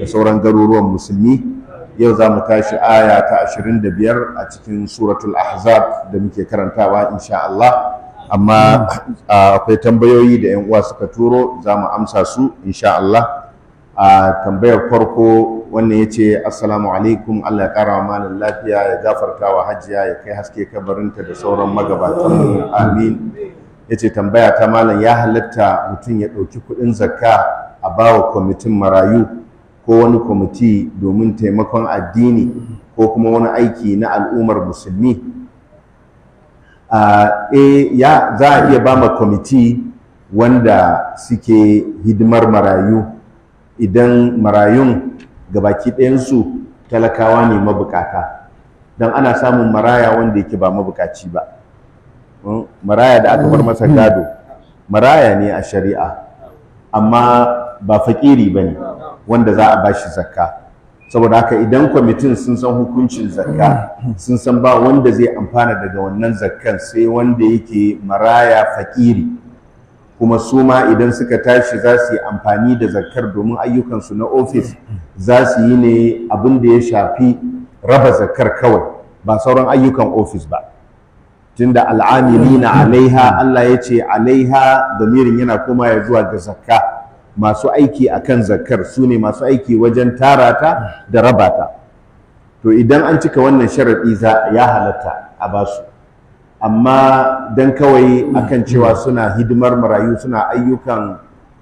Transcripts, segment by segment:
da sauran garuruwan musulmi yau za mu tashi aya ta 25 a cikin suratul ahzab da muke karantawa insha Allah amma akwai tambayoyi da yan uwa suka turo za mu amsa su insha Allah a tambayar farko wannan ya ce assalamu alaikum Allah ya kara wa malin lafiya ya gafarta wa hajiya ya kai haske kabarinta da sauran magabatan amin ya ce tambaya ta malam ya halatta mutum ya ɗauki kuɗin zakka a bawa kwamitin marayu ko wani kwamiti domin taimakon addini ko kuma wani aiki na al'ummar musulmi eh, ya za a iya ba ma kwamiti wanda suke hidimar marayu idan marayun gabaki ɗayansu talakawa ne mabukata don ana samun maraya wanda yake ba mabukaci ba hmm, maraya da aka bar masa gado maraya ne a shari'a amma ba faƙiri ba ne wanda za a ba shi zakka saboda haka idan kwamitin sun san hukuncin zakka sun san ba wanda zai amfana daga wannan zakkan sai wanda yake maraya faƙiri. kuma su ma idan suka tashi za su yi amfani da zakkar domin ayyukansu na ofis za su yi ne abin da ya shafi raba zakkar kawai ba sauran ayyukan ofis ba tunda al'amilina alaiha Allah ya ce alaiha damirin yana koma ya zuwa ga zakka masu aiki akan zakar su ne masu aiki wajen tara ta da raba ta to idan an cika wannan sharaɗi za ya halatta a basu amma don kawai akan cewa suna hidimar marayu suna ayyukan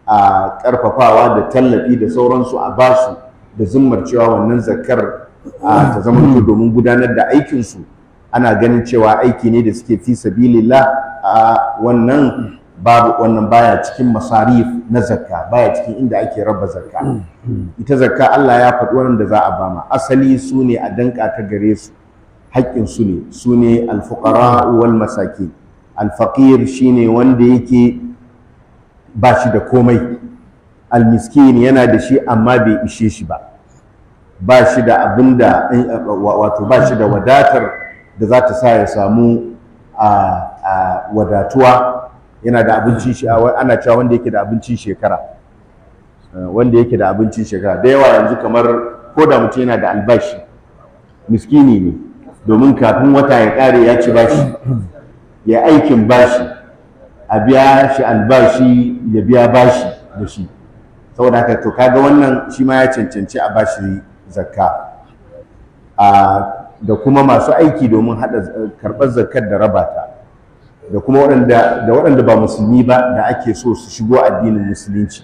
a ƙarfafawa da tallafi da sauransu a basu da zimmar cewa wannan zakkar ta zama domin gudanar da aikinsu ana ganin cewa aiki ne da suke fi sabilillah a wannan babu wannan baya cikin masarif na zakka baya cikin inda ake raba zakka mm, mm. ita zakka Allah ya faɗi wannan da za a ba bama asali su ne a danka ta gare su haƙƙin su ne su ne alfuqara wal masaki alfaqir shine wanda yake ba shi da komai almiskin yana da shi amma bai ishe shi ba ba shi da abinda eh, wato ba shi da wadatar da za ta sa ya samu a ah, ah, wadatuwa yana da abincin shi ana cewa wanda yake da abincin shekara eh, wanda yake da abincin shekara da yawa yanzu kamar ko da mutum yana da albashi miskini ne domin kafin wata ya kare ya ci bashi ya aikin bashi a biya shi albashi ya biya bashi da shi saboda haka to kaga wannan shi ma ya cancanci a bashi zakka da kuma masu aiki domin haɗa karɓar zakkar da rabata. da kuma waɗanda da waɗanda ba musulmi ba da ake so su shigo addinin musulunci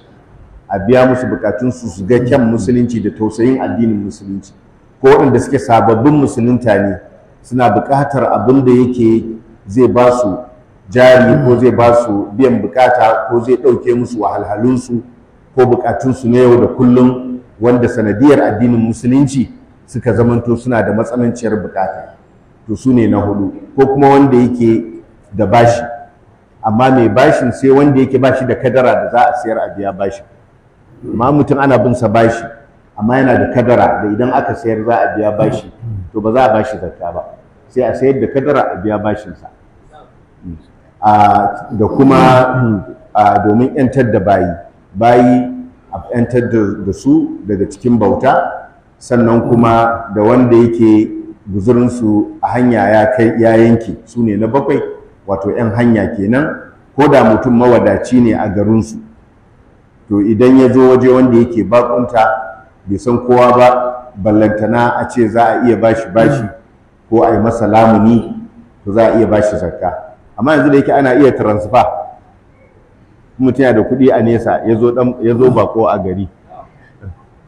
a biya musu bukatunsu su ga kyan musulunci da tausayin addinin musulunci ko waɗanda suke sababbin musulunta ne suna buƙatar abin da yake zai ba su jari ko zai ba su biyan bukata ko zai ɗauke musu wahalhalunsu ko bukatunsu na yau da kullum wanda sanadiyar addinin musulunci suka zamanto suna da matsananciyar bukata to su ne na hudu ko kuma wanda yake da bashi amma mai bashin sai wanda yake bashi da kadara da za a sayar a biya bashi amma mutum ana bin sa bashi amma yana da kadara da idan aka sayar za a biya bashi to ba za a bashi zakka ba sai a sayar da kadara a biya bashinsa da kuma domin 'yantar da bayi bayi a 'yantar da su daga cikin bauta sannan kuma da wanda yake guzurinsu a hanya ya kai ya yanke su ne na bakwai wato 'yan hanya kenan ko da mutum mawadaci ne a garinsu to idan ya zo waje wanda yake bakunta bai san kowa ba ballantana a ce za a iya bashi bashi ko a yi masa lamuni to za a iya bashi zakka amma yanzu da yake ana iya transfer mutum tana da kuɗi a nesa ya zo bako a gari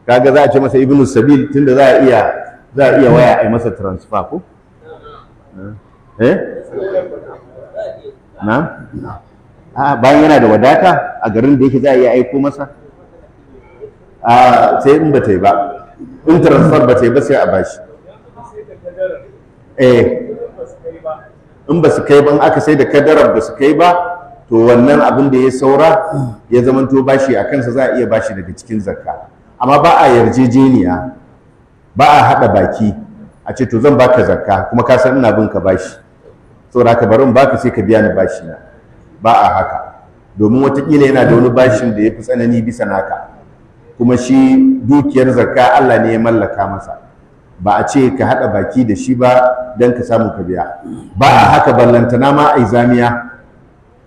kaga za a ce masa ibnu sabil tunda za a iya za a iya waya a yi masa transfer ko eh? na a bayan yana da wadata a garin da yake za a iya aiko masa a sai in ba ta yi ba in transfer ba ta yi ba sai a bashi eh in ba su kai ba in aka sai da kadarar ba su kai ba to wannan abin da ya saura ya zamanto bashi a kansa za a iya bashi daga cikin zakka amma ba a yarjejeniya ba a haɗa baki a ce to zan baka zakka kuma ka san ina bin ka bashi saboda haka bari in baka sai ka biya ni bashi na ba a haka domin watakila yana da wani bashin da ya fi tsanani bisa naka kuma shi dukiyar zakka Allah ne ya mallaka masa ba a ce ka haɗa baki da shi ba don ka samu ka biya ba a haka ballantana ma a zamiya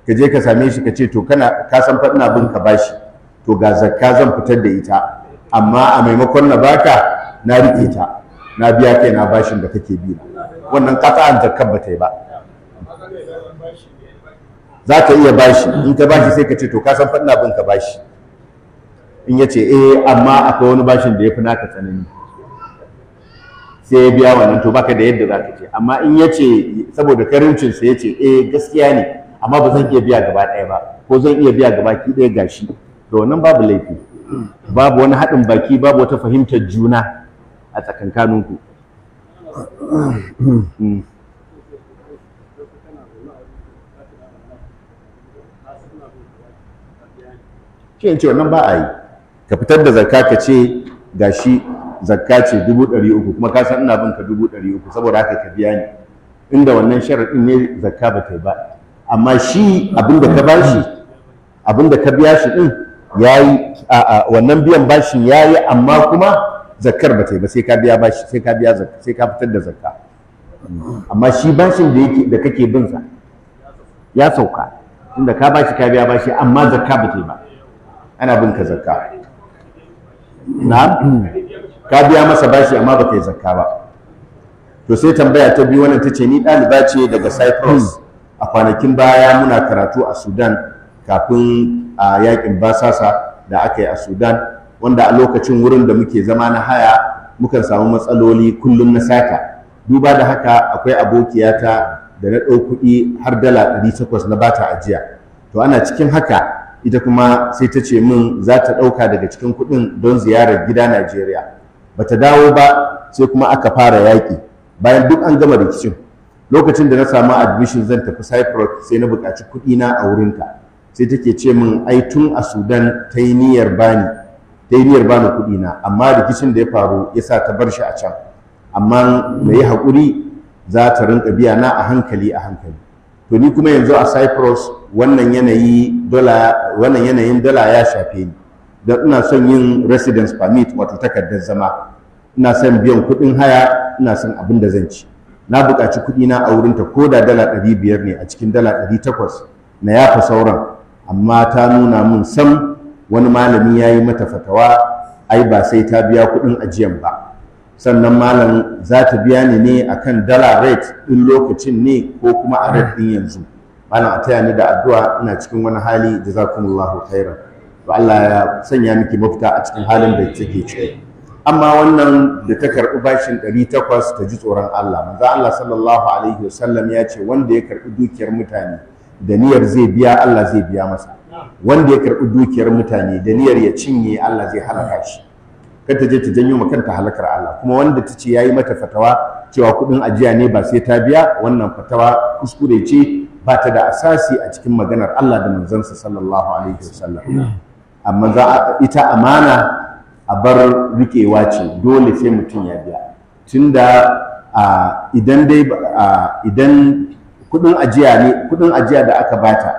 ka je ka same shi ka ce to kana ka san faɗin abin ka bashi to ga zakka zan fitar da ita amma a maimakon na baka na riƙe ta na biya kai na bashin da kake bi wannan ƙasa'an zakkar ba ta yi ba za ka iya bashi in ka bashi sai ka ce to ka san faɗina bin ka bashi in ya ce eh amma akwai wani bashin da ya fi naka tsanani sai ya biya wannan to baka da yadda za ka ce amma in ya ce saboda karincinsa ya ce eh gaskiya ne amma ba zan iya biya gaba ɗaya ba ko zan iya biya gaba ki ɗaya gashi to wannan babu laifi babu wani haɗin baki babu wata fahimtar juna a tsakankaninku hmm. shi ce wannan ba a yi ka fitar da zakka ka ce ga shi zakka ce dubu ɗari uku kuma ka san ina bin ka dubu ɗari uku saboda haka ka biya ni inda wannan sharaɗin ne zakka ba ta yi ba amma shi abin da ka bashi abin da ka biya shi ɗin ya yi wannan biyan bashin ya yi amma kuma zakkar ba ta yi ba sai ka biya bashi sai ka biya zakka sai ka fitar da zakka amma shi bashin da yake da kake bin sa ya sauka inda ka bashi ka biya bashi amma zakka ba ta yi ba ana bin ka zakka na ka biya masa bashi amma baka yi zakka ba to sai tambaya ta biyu wannan tace ni ɗaliba ce daga Cyprus a kwanakin baya muna karatu a Sudan kafin a yakin basasa da aka yi a Sudan wanda a lokacin wurin da muke zama na haya mukan samu matsaloli kullum na Saka. duba da haka akwai abokiyata da na ɗau kuɗi har dala 800 na bata ajiya to ana cikin haka ita kuma sai ta ce min za ta ɗauka daga cikin kuɗin don ziyarar gida Najeriya ba ta dawo ba sai kuma aka fara yaƙi bayan duk an gama rikicin lokacin da na samu admission zan tafi Cyprus sai na buƙaci kuɗina a wurin wurinta sai take ce min ai tun a Sudan ta yi niyyar bani ta yi niyyar bani kuɗina amma rikicin da ya faru ya sa ta bar shi a can amma na yi haƙuri za ta rinƙa biya na a hankali a hankali to ni kuma yanzu a cyprus wannan yanayi dola wannan yanayin dola ya shafe ni da ina son yin residence permit wato takardar zama ina son biyan kuɗin haya ina son abin da zan ci na buƙaci kuɗi na a wurinta ko da dala ɗari biyar ne a cikin dala ɗari takwas na yafa sauran amma ta nuna mun sam wani malami ya yi mata fatawa ai ba sai ta biya kuɗin ajiyan ba sannan malam za ta biya ni ne akan dala rate ɗin lokacin ne ko kuma a rate ɗin yanzu malam a taya ni da addu'a ina cikin wani hali da khairan to Allah ya sanya miki mafita a cikin halin da take ciki amma wannan da ta karɓi bashin ɗari 800 ta ji tsoron Allah manzo Allah sallallahu alaihi wasallam ya ce wanda ya karɓi dukiyar mutane da niyyar zai biya Allah zai biya masa wanda ya karɓi dukiyar mutane da niyyar ya cinye Allah zai halaka shi kar ta je ta janyo ma kanta halakar Allah kuma wanda ta ce yayi mata fatawa cewa kuɗin ajiya ne ba sai ta biya wannan fatawa kuskure ce ba ta da asasi a cikin maganar Allah da manzansa sallallahu alaihi wasallam amma za ita amana a bar rikewa ce dole sai mutum ya biya tunda idan dai idan kudin ajiya ne kuɗin ajiya da aka bata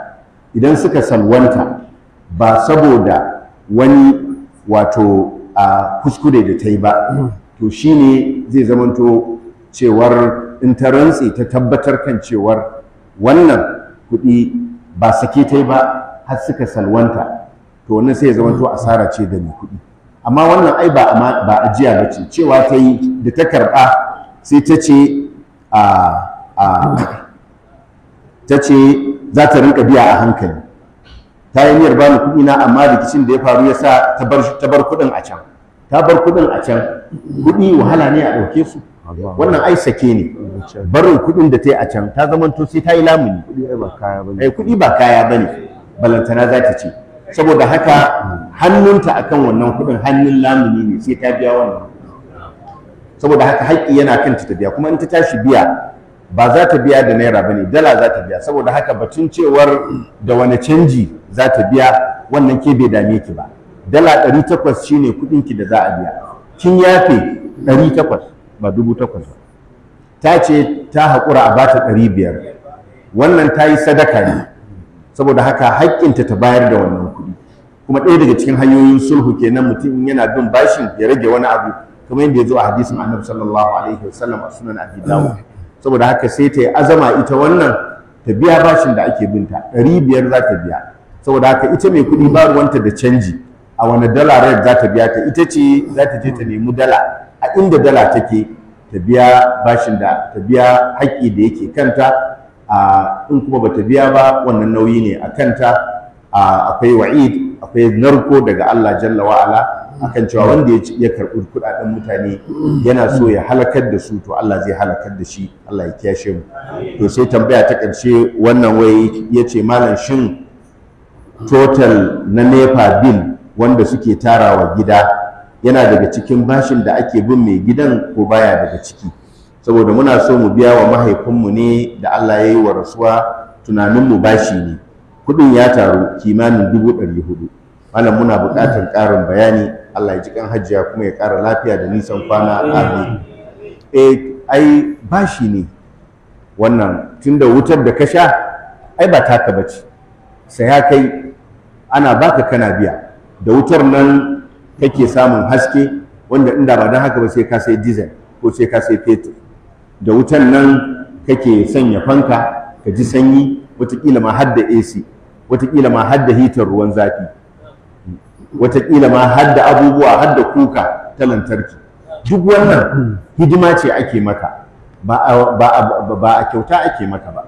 idan suka salwanta ba saboda wani wato a kuskure da ta yi ba to shi ne zai zamanto cewar in ta ta tabbatar kan cewar wannan kuɗi ba sake ta yi ba har suka salwanta to wannan sai ya zamanto asara ce da mai kuɗi amma wannan ai ba ba ajiya ba ce cewa ta yi da ta karɓa sai ta ce a ta ce za ta rinka biya a hankali ta yi niyyar bani kuɗi na amma rikicin da ya faru ya sa ta bar kuɗin a can ta bar kuɗin a can kuɗi wahala ne a ɗauke su wannan ai sake ne barin kuɗin da ta yi a can ta zama to sai ta yi lamuni kuɗi ba kaya ba ne eh, balantana za ta ce saboda haka hannunta akan wannan kuɗin hannun lamuni ne sai ta biya wannan saboda haka haƙƙi yana kan ta biya kuma in ta tashi biya ba za ta biya da naira ba ne, dala za ta biya saboda haka batun cewar da wani canji za ta biya wannan ke bai dame ki ba dala ɗari 800 shine kudin ki da za a biya kin yafe 800 ba 800 ba ta ce ta haƙura a bata biyar. wannan ta yi sadaka ne saboda haka haƙƙinta ta bayar da wannan kuɗi kuma ɗaya daga cikin hanyoyin sulhu kenan mutum yana bin bashin ya rage wani abu kamar yadda ya zo a hadisin annabi sallallahu alaihi wasallam a sunan abi dawud saboda haka sai ta yi azama ita wannan ta biya bashin da ake binta ɗari biyar za ta biya saboda haka ita mai kuɗi ba ruwanta da canji a wani dala red za ta biya ta ita ce za ta je ta nemi dala a inda dala take ta biya bashin da ta biya haƙƙi da yake kanta a in kuma ba ta biya ba wannan nauyi ne a kanta akwai wa'id akwai narko daga Allah jalla wa'ala akan cewa wanda ya karɓi kuɗaɗen mutane yana so ya halakar da su to Allah zai halakar da shi Allah ya kiyashe mu to sai tambaya ta ƙarshe wannan wai ya ce malam shin total na nepa bill wanda suke tarawa gida yana daga cikin bashin da ake bin mai gidan ko baya daga ciki saboda muna so mu biya wa mahaifinmu ne da Allah ya yi wa rasuwa tunaninmu bashi ne kuɗin ya taru kimanin dubu ɗari hudu malam muna buƙatar ƙarin bayani Allah ya ji kan hajiya kuma ya ƙara lafiya da nisan kwana amin eh ai bashi ne wannan tunda wutar da ka sha ai ba taka bace sai ya kai ana baka kana biya da wutar nan kake samun haske wanda inda ba don haka ba sai ka sai diesel ko sai ka sai fetur da wutar nan kake sanya fanka ka ji sanyi Wataƙila ma har da AC watakila ma har da hitar ruwan zafi watakila ma hadda abubuwa hadda kuka ta lantarki duk wannan hidima ce ake maka ba a kyauta ake maka ba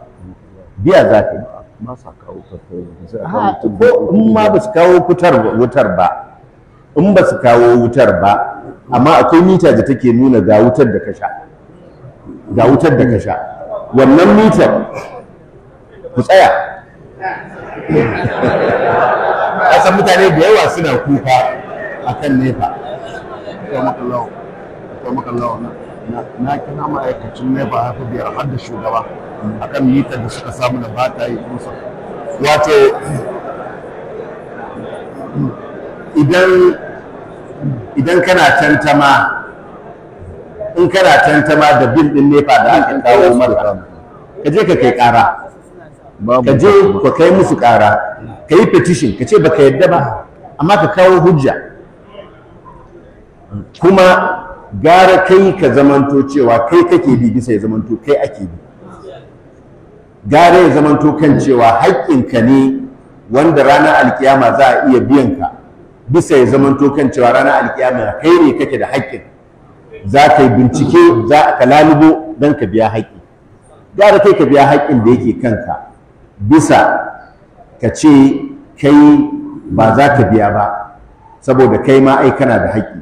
biya za ka yi ba kawo ko in ma ba su kawo wutar ba in ba su kawo wutar ba amma akwai mita da take nuna ga wutar da kasha. ga wutar da kasha, wannan mitar ku tsaya kasan mutane da yawa suna kuka a kan nefa na kina ma'aikacin nefa haka biyar har da shugaba a kan mitar da suka samu da ba ta yi kusa wato idan kana tantama in kana tantama da bin din nefa da aka kawo mara ka je ka kai kara ka je ka kai musu kara ka yi petition ka ce ba ka yadda ba amma ka kawo hujja kuma gara kai ka zamanto cewa kai kake bi bisa ya zamanto kai ake bi gara ya zamanto kan cewa haƙƙinka ne wanda ranar alkiyama za a iya biyan ka bisa ya zamanto kan cewa ranar alkiyama kai ne kake da haƙƙin za ka yi bincike za ka lalubo don ka biya haƙƙi gara kai ka biya haƙƙin da yake kanka bisa ka ce kai ba za ka biya ba saboda kai ma ai kana da haƙƙi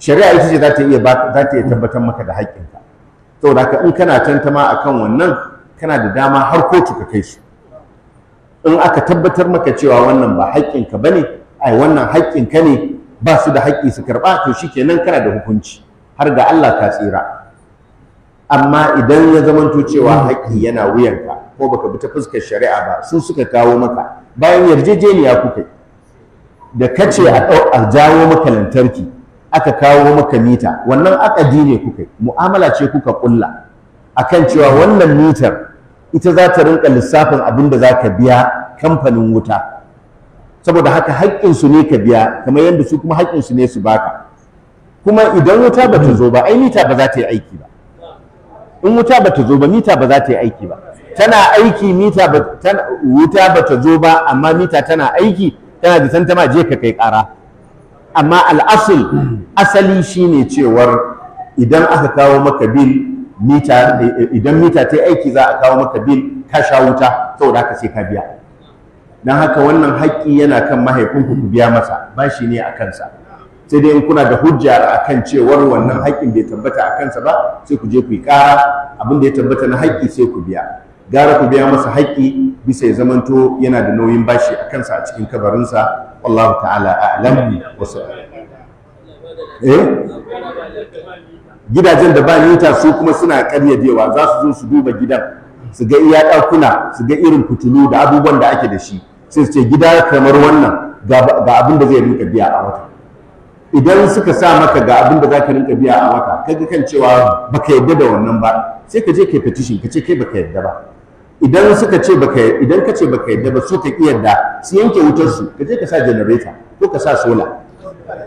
shari'a ita ce za ta iya tabbatar maka da haƙƙinka saboda ka in kana tantama akan wannan kana da dama har kotu ka kai su in aka tabbatar maka cewa wannan ba haƙƙinka ne? ai wannan haƙƙinka ne ba su da haƙƙi su karɓa to shi kenan kana da hukunci har ga Allah ka tsira amma idan ya zamanto cewa haƙƙi yana wuyanka ko baka bi ta fuskar shari'a ba su suka kawo maka bayan yarjejeniya kuka da kace a jawo maka lantarki aka kawo maka mita wannan akadi ne kuka mu'amala ce kuka kulla akan cewa wannan mitar ita za ta rinka lissafin abin da za ka biya kamfanin wuta saboda haka haƙƙinsu ne ka biya kamar yadda su kuma haƙƙinsu ne su baka kuma idan wuta ba zo ba ai mita ba za ta yi aiki ba in wuta bata ta zo ba mita ba za ta yi aiki ba tana aiki mita ba wuta ba ta zo ba amma mita tana aiki tana da tantama je ka kai kara amma al'asul asali shine cewar idan aka kawo maka bil mita idan mita ta aiki za a kawo maka bil ka sha wuta saboda haka sai ka biya dan haka wannan haƙƙi yana kan mahaifinku ku biya masa ba shi ne a kansa sai dai in kuna da hujja akan kan cewar wannan haƙƙin bai tabbata a kansa ba sai ku je ku yi ƙara abin da ya tabbata na haƙƙi sai ku biya gara ku biya masa haƙƙi bisa ya zamanto yana da nauyin bashi a kansa a cikin kabarinsa wallahu ta'ala a'lam wasu eh gidajen da ba nita su kuma suna karyadewa za su zo su duba gidan su ga iya ɗakuna su ga irin fitilu da abubuwan da ake da shi sai su ce gida kamar wannan ga abin da zai rinka biya a wata idan suka sa maka ga abin da za ka rinka biya a wata kaga kan cewa baka yadda da wannan ba sai ka je kai petition ka ce kai baka yadda ba idan suka ce baka idan ka ce baka yadda ba su ka yadda su yanke wutar su ka je ka sa generator ko ka sa solar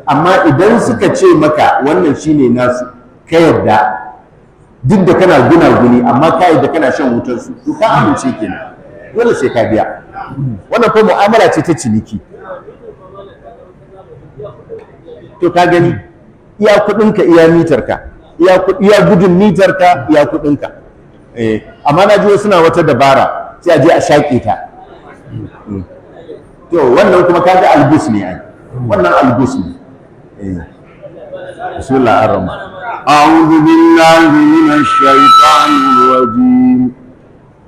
amma idan suka ce maka wannan shine nasu ka yadda duk da kana guni amma ka yadda kana shan wutar su to ka amince kenan dole sai ka biya wannan ko mu'amala ce ta ciniki to ka gani iya kuɗinka iya mitarka iya gudun mitarka iya kuɗinka eh amma na ji suna wata dabara sai a je a shaƙe ta to wannan kuma ka ga albus ne ai wannan albus ne eh. bismillah ar-rahman a'udhu billahi minash shaitanir rajim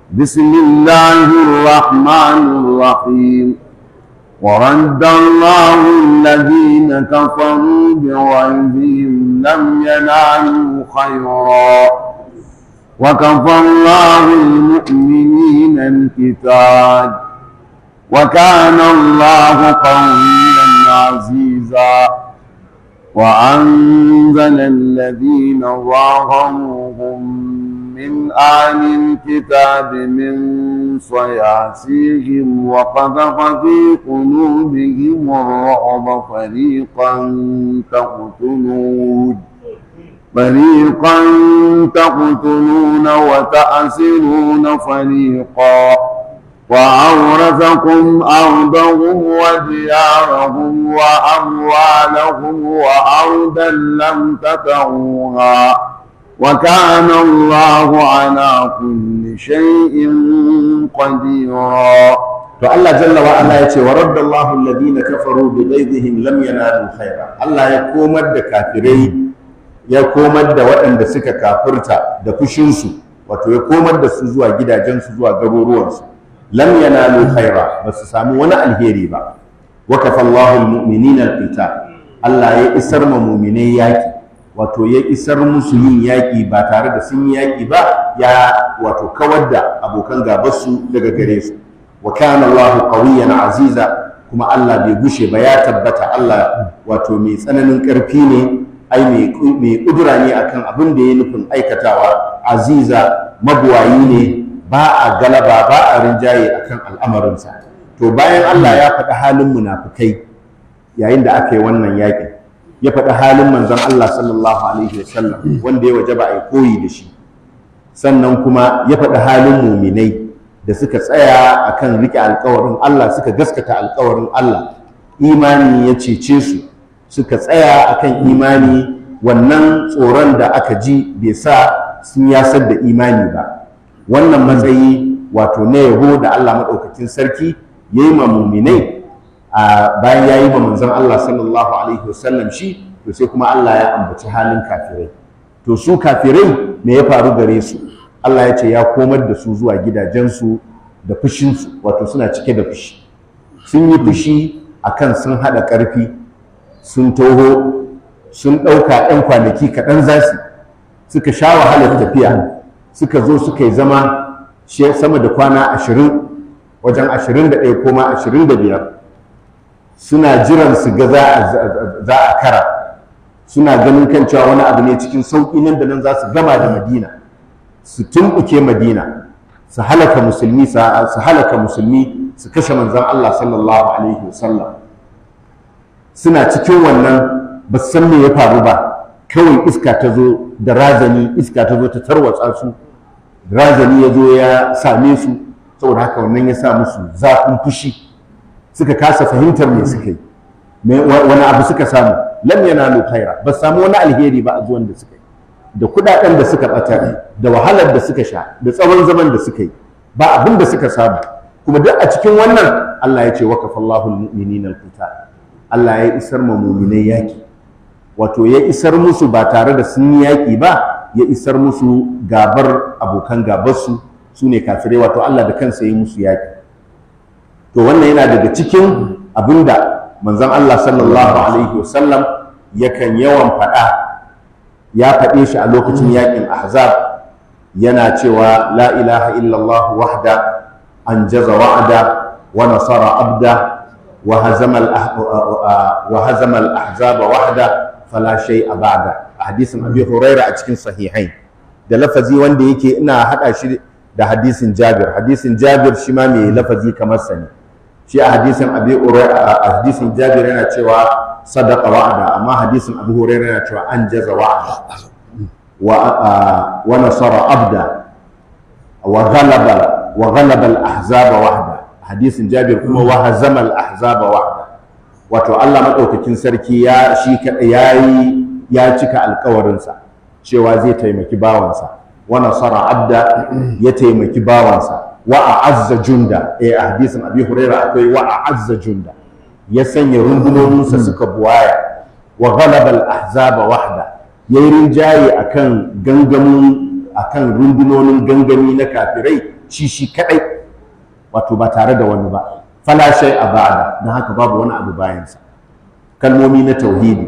bismillahir rahmanir rahim ورد الله الذين كفروا بغيظهم لم ينالوا خيرا وكفى الله المؤمنين القتال وكان الله قويا عزيزا وأنزل الذين ظاهروهم من أهل الكتاب من صياصيهم وقذف في قلوبهم الرعب فريقا تقتلون فريقا تقتلون وتأسرون فريقا وأورثكم أرضهم وديارهم وأموالهم وأرضا لم تطعوها وكان الله على كل شيء قديرا فالله جل وعلا يتي ورد الله الذين كفروا بغيظهم لم ينالوا خيرا الله يقوم بكافرين ya komar da waɗanda suka kafirta da fushinsu wato ya komar da su zuwa gidajensu zuwa garuruwansu lam yana khaira ba su sami wani alheri ba wa kafallahu almu'minina alqital Allah ya isar ma mu'minai yaƙi, wato ya isar musu yin yaki ba tare da sun yi yaki ba ya wato kawar da abokan gabarsu daga gare su wa kana Allahu qawiyyan aziza kuma Allah bai gushe ba ya tabbata Allah wato mai tsananin ƙarfi ne ai mai ƙudura ne akan abin da ya nufin aikatawa aziza mabuwayi ne ba a galaba ba a rinjaye akan al'amarinsa to bayan Allah ya faɗi halin munafukai yayin da aka yi wannan yaƙin ya faɗi halin manzon Allah sallallahu alaihi wasallam wanda ya waje ba a koyi da shi sannan kuma ya faɗi halin muminai da suka tsaya akan riƙe alƙawarin Allah suka gaskata alƙawarin Allah imani ya cece su suka tsaya akan imani wannan tsoron da aka ji bai sa sun yasar da imani ba wannan matsayi wato na yabo da Allah maɗaukakin sarki ya yi ma muminai bayan ya yi ma manzon Allah sallallahu alaihi wasallam shi to sai kuma Allah ya ambaci halin kafirai to su kafirai me ya faru gare su Allah ya ce ya komar da su zuwa gidajensu da fushinsu wato suna cike da fushi sun yi fushi akan sun haɗa ƙarfi sun toho sun ɗauka 'yan kwanaki kaɗan za su suka sha wahalar tafiya suka zo suka yi zama sama da kwana ashirin wajen ashirin da ɗaya koma ashirin da biyar suna jiran su ga za a kara suna ganin kan cewa wani abu ne cikin sauƙi nan da nan za su gama da madina su tumɓuke madina su halaka musulmi su kashe manzon allah sallallahu alaihi wasallam suna cikin wannan ba su san me ya faru ba kawai iska ta zo da razani iska ta zo ta tarwatsa su razani ya zo ya same su saboda haka wannan ya sa musu zafin fushi suka kasa fahimtar me suka yi wani abu suka samu lam yanalu khaira ba samu wani alheri ba a zuwan da suka yi da kudaden da suka bata da wahalar da suka sha da tsawon zaman da suka yi ba abin da suka samu kuma duk a cikin wannan Allah ya ce wa kafallahu al alqital Allah ya isar ma muminai yaƙi wato ya isar musu ba tare da sun yi yaƙi ba ya isar musu gabar abokan gabarsu su ne kafirai wato Allah da kansa ya musu yaƙi to wannan yana daga cikin abinda manzon Allah sallallahu alaihi wasallam yakan yawan faɗa ya faɗe shi a lokacin yaƙin ahzab yana cewa la ilaha illallah wahda an jaza wa'ada wa nasara abda wa hazama al-ahzaba wahda fala shay'a ba'da hadisin Abi Huraira a cikin sahihain da lafazi wanda yake ina hada shi da hadisin Jabir hadisin Jabir shi mai lafazi kamar Sani. shi a hadisin Abi Huraira hadisin Jabir yana cewa sadaqa wa'da amma hadisin Abu Huraira yana cewa an jaza wa abda wa hadisin jabir kuma wa hazamal ahzaba wahda wato Allah madaukakin sarki ya shi yayi ya cika alkawarinsa cewa zai taimaki bawansa wa nasara abda ya taimaki bawansa wa a'azza junda eh hadisin abi huraira akwai wa a'azza junda ya sanya rundunoninsa suka buwaya wa ghalaba ahzaba wahda yayi rinjaye akan gangamin akan rundunonin gangami na kafirai shi shi kadai wato ba tare da wani ba fala shay a ba'ada dan haka babu wani abu bayansa kalmomi na tauhidi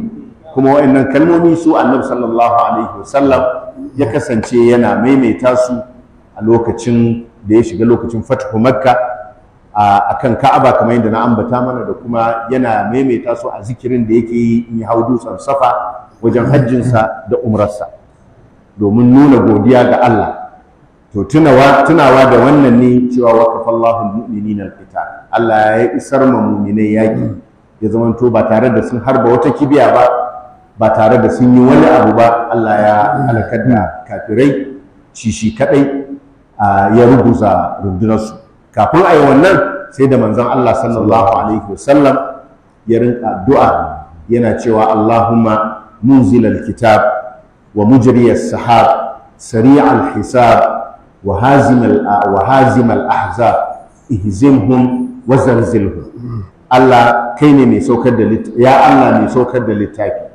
kuma wa'annan kalmomi su annabi sallallahu alaihi wasallam ya kasance yana maimaita su a lokacin da ya shiga lokacin fathu makka a kan ka'aba kamar yadda na ambata mana da kuma yana maimaita su a zikirin da yake yi in hau dutsen safa wajen hajjinsa da umrarsa domin nuna godiya ga Allah to tunawa tunawa da wannan ne cewa waqafa Allahu al-mu'minina al-qital Allah ya isar ma mu'minai yaki ya zamanto ba tare da sun harba wata kibiya ba ba tare da sun yi wani abu ba Allah ya halakar da kafirai shishi kadai ya rubuta rundunarsu kafin a yi wannan sai da manzon Allah sallallahu alaihi wasallam ya rinka addu'a yana cewa Allahumma munzilal kitab wa mujriyas sahab sari'al hisab wa hazim al-ahzab ihzimhum wa Allah kai ne mai saukar da littafi ya Allah mai saukar da littafi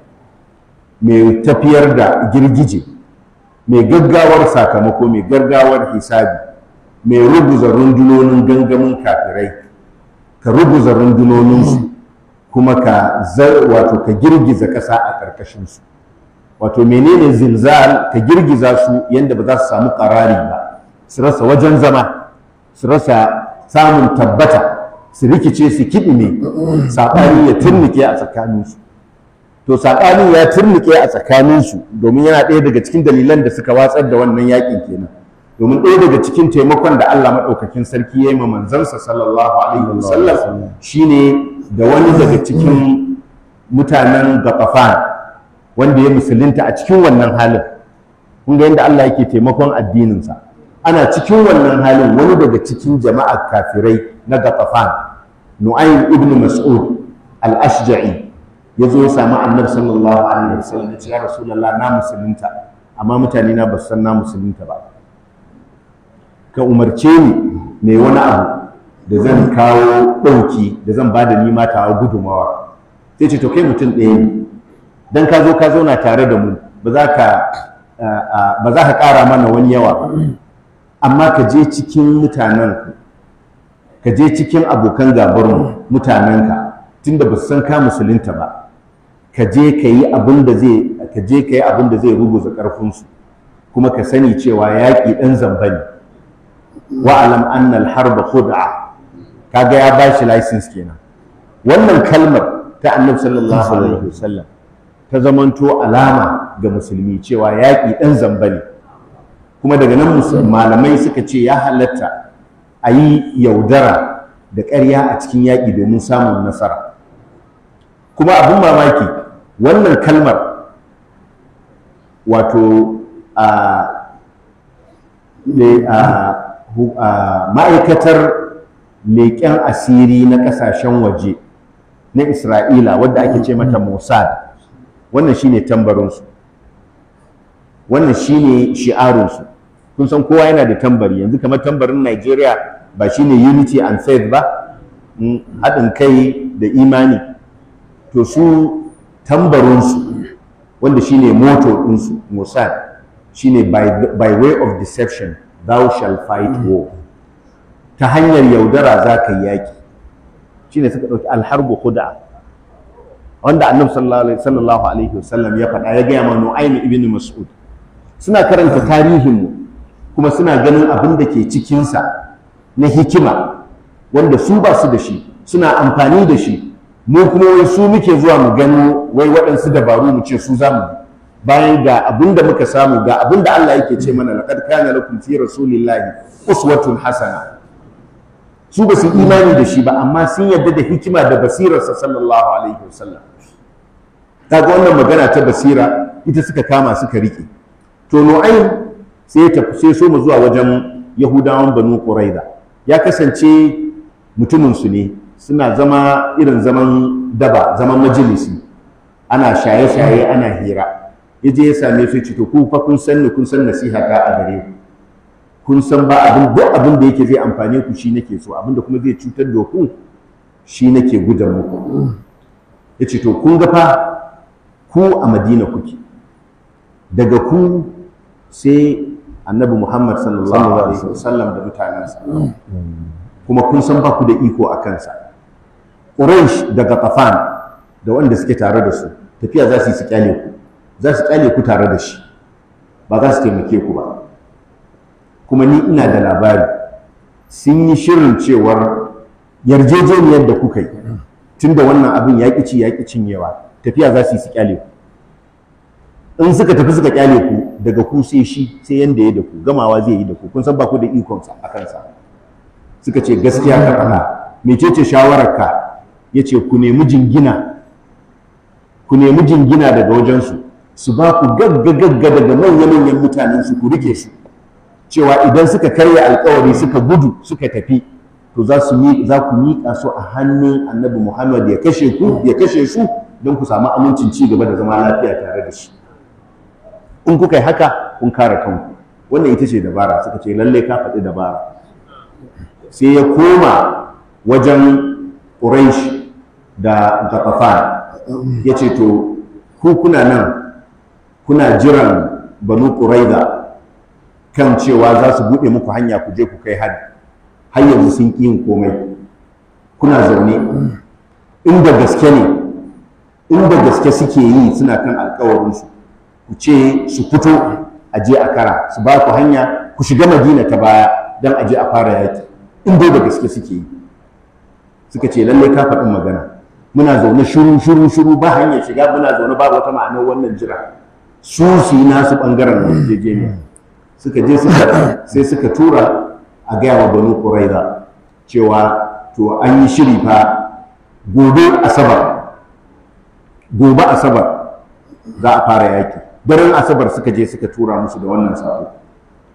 mai tafiyar da girgije mai gaggawar sakamako mai gaggawar hisabi mai rubuza rundunonin gangamin kafirai ka rubuza rundunoninsu kuma ka wato ka girgiza ƙasa a ƙarƙashinsu wato menene zilzal ka girgiza su yadda ba za su samu ƙarari ba su rasa wajen zama su rasa samun tabbata su rikice su ne saɓani ya turnike a tsakaninsu to saɓani ya turnike a tsakaninsu domin yana ɗaya daga cikin dalilan da suka watsar da wannan yaƙin kenan domin ɗaya daga cikin taimakon da Allah maɗaukakin sarki ya yi ma manzansa sallallahu alaihi wasallam shine da wani daga cikin mutanen gaɓafan wanda ya musulunta a cikin wannan halin kun ga yadda Allah yake taimakon addininsa ana cikin wannan halin wani daga cikin jama'a kafirai na gatafan nu'aym ibn mas'ud al-ashja'i ya zo ya samu annabi sallallahu alaihi wasallam ya ce ya rasulullah na musulunta amma mutane na ba san na musulunta ba ka umarce ni mai wani abu da zan kawo ɗauki da zan ba da nima ta gudumawa sai ce to kai mutum ɗaya ne dan ka zo ka zauna tare da mu ba za ka ƙara mana wani yawa ba amma ka je cikin mutanen ka je cikin abokan gabarmu mutanenka tunda ba su san ka musulunta ba ka je ka yi abin da zai ka je ka yi abin da zai ruguza ƙarfinsu kuma ka sani cewa yaƙi ɗan zamba ne wa'alam anna al khud'a kaga ya ba shi license kenan wannan kalmar ta annabi sallallahu alaihi wasallam ta zamanto alama ga musulmi cewa yaƙi ɗan zamba ne kuma daga nan malamai suka ce ya halatta a yi yaudara da ƙarya a cikin yaƙi domin samun nasara kuma abin mamaki wannan kalmar wato a ma'aikatar leƙen asiri na ƙasashen waje na isra'ila wadda ake ce mata mossad wannan shine tambarinsu wannan shine shi'arinsu kun san kowa yana da tambari yanzu kamar tambarin Najeriya ba shine unity and faith ba mm, haɗin kai da imani to su tambarinsu wanda shine moto ɗinsu Mossad shine by, way of deception thou shall fight war ta hanyar yaudara za ka yaƙi shine suka ɗauki alharbu huda wanda annabi sallallahu alaihi wasallam ya faɗa ya gaya ma nu'aym ibn mas'ud suna karanta tarihin mu kuma suna ganin abin da ke cikinsa na hikima wanda su ba su da shi suna amfani da shi mu kuma wai su muke zuwa mu gano wai waɗansu dabaru mu ce su za mu bayan ga abin da muka samu ga abin da Allah yake ce mana laqad kana lakum fi rasulillahi uswatun hasana su ba su imani da shi ba amma sun yarda da hikima da basirarsa sallallahu alaihi wasallam kaga wannan magana ta basira ita suka kama suka rike to nu'ayn sai ta sai so mu zuwa wajen yahudawan banu quraiza ya kasance mutumin su ne suna zama irin zaman daba zaman majalisi ana shaye-shaye ana hira yaje ya same su ci to ku fa kun san kun san nasiha ta a gare ku kun san ba abin duk abin da yake zai amfane ku shi nake so abin da kuma zai cutar da ku shi nake gudan muku yace to kun ga fa ku a Madina kuke daga ku sai annabi Muhammad sallallahu alaihi wasallam da mutanensa mm. kuma kun san ba ku da iko a kansa quraish daga Qafan da wanda suke tare da su tafiya za su yi kyale ku za su kyale ku tare da shi ba za su taimake ku ba kuma ni ina da labari sun yi shirin cewar yarjejeniyar da kuka yi Tunda wannan abin yaƙi ci yaƙi cinyewa tafiya za su yi kyale ku in suka tafi suka kyale ku daga ku sai shi sai yanda ya da ku gamawa zai yi da ku kun san ba ku da ikon sa a kansa suka ce gaskiya ka faɗa mecece shawararka yace ku nemi jingina ku nemi jingina daga wajensu su ba ku gagga gagga daga manya-manyan mutanen su ku rike su cewa idan suka karya alkawari suka gudu suka tafi to za su za ku miƙa su a hannun annabi Muhammad ya kashe ku ya kashe su don ku samu amincin ci gaba da zama lafiya tare da shi in kuka yi haka kun kare kanku wannan ita ce dabara suka ce lalle ka faɗi dabara sai ya koma wajen orange da Ghatafan ya ce to ku kuna nan kuna jiran Banu ƙuraida kan cewa za su buɗe muku hanya ku je ku kai hadi har yanzu sun ƙi yin komai kuna zaune inda gaske ne inda gaske suke yi suna kan alkawarinsu ku ce su fito a je a kara su ba ku hanya ku shiga madina ta baya don a je a fara yaƙi in dai da gaske suke yi suka ce lallai ka faɗin magana muna zaune shuru shuru shuru ba hanyar shiga muna zaune ba wata ma'anar wannan jira su su yi nasu ɓangaren ne suka je suka sai suka tura a gaya wa banu kuraiza cewa to an yi shiri fa gobe asabar gobe asabar za a fara yaki daren asabar suka je suka tura musu da wannan sako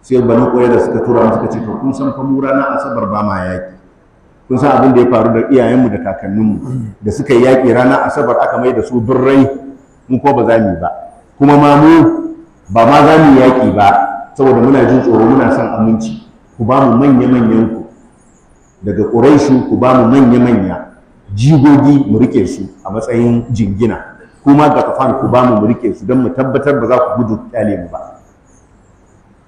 sai banu da suka tura musu ka ce to kun san fa mu ranar asabar ba ma yaki kun san abin da ya faru da iyayenmu da kakanninmu da suka yi yaƙi ranar asabar aka mai da su birrai mu ko ba za mu ba kuma ma mu ba ma za mu yaƙi ba saboda muna jin tsoro muna son aminci ku ba mu manya-manyan ku daga ƙuraishu ku ba mu manya-manya jigogi mu rike su a matsayin jingina kuma ga kafan ku ba mu rike su don mu tabbatar ba za ku gudu kyale mu ba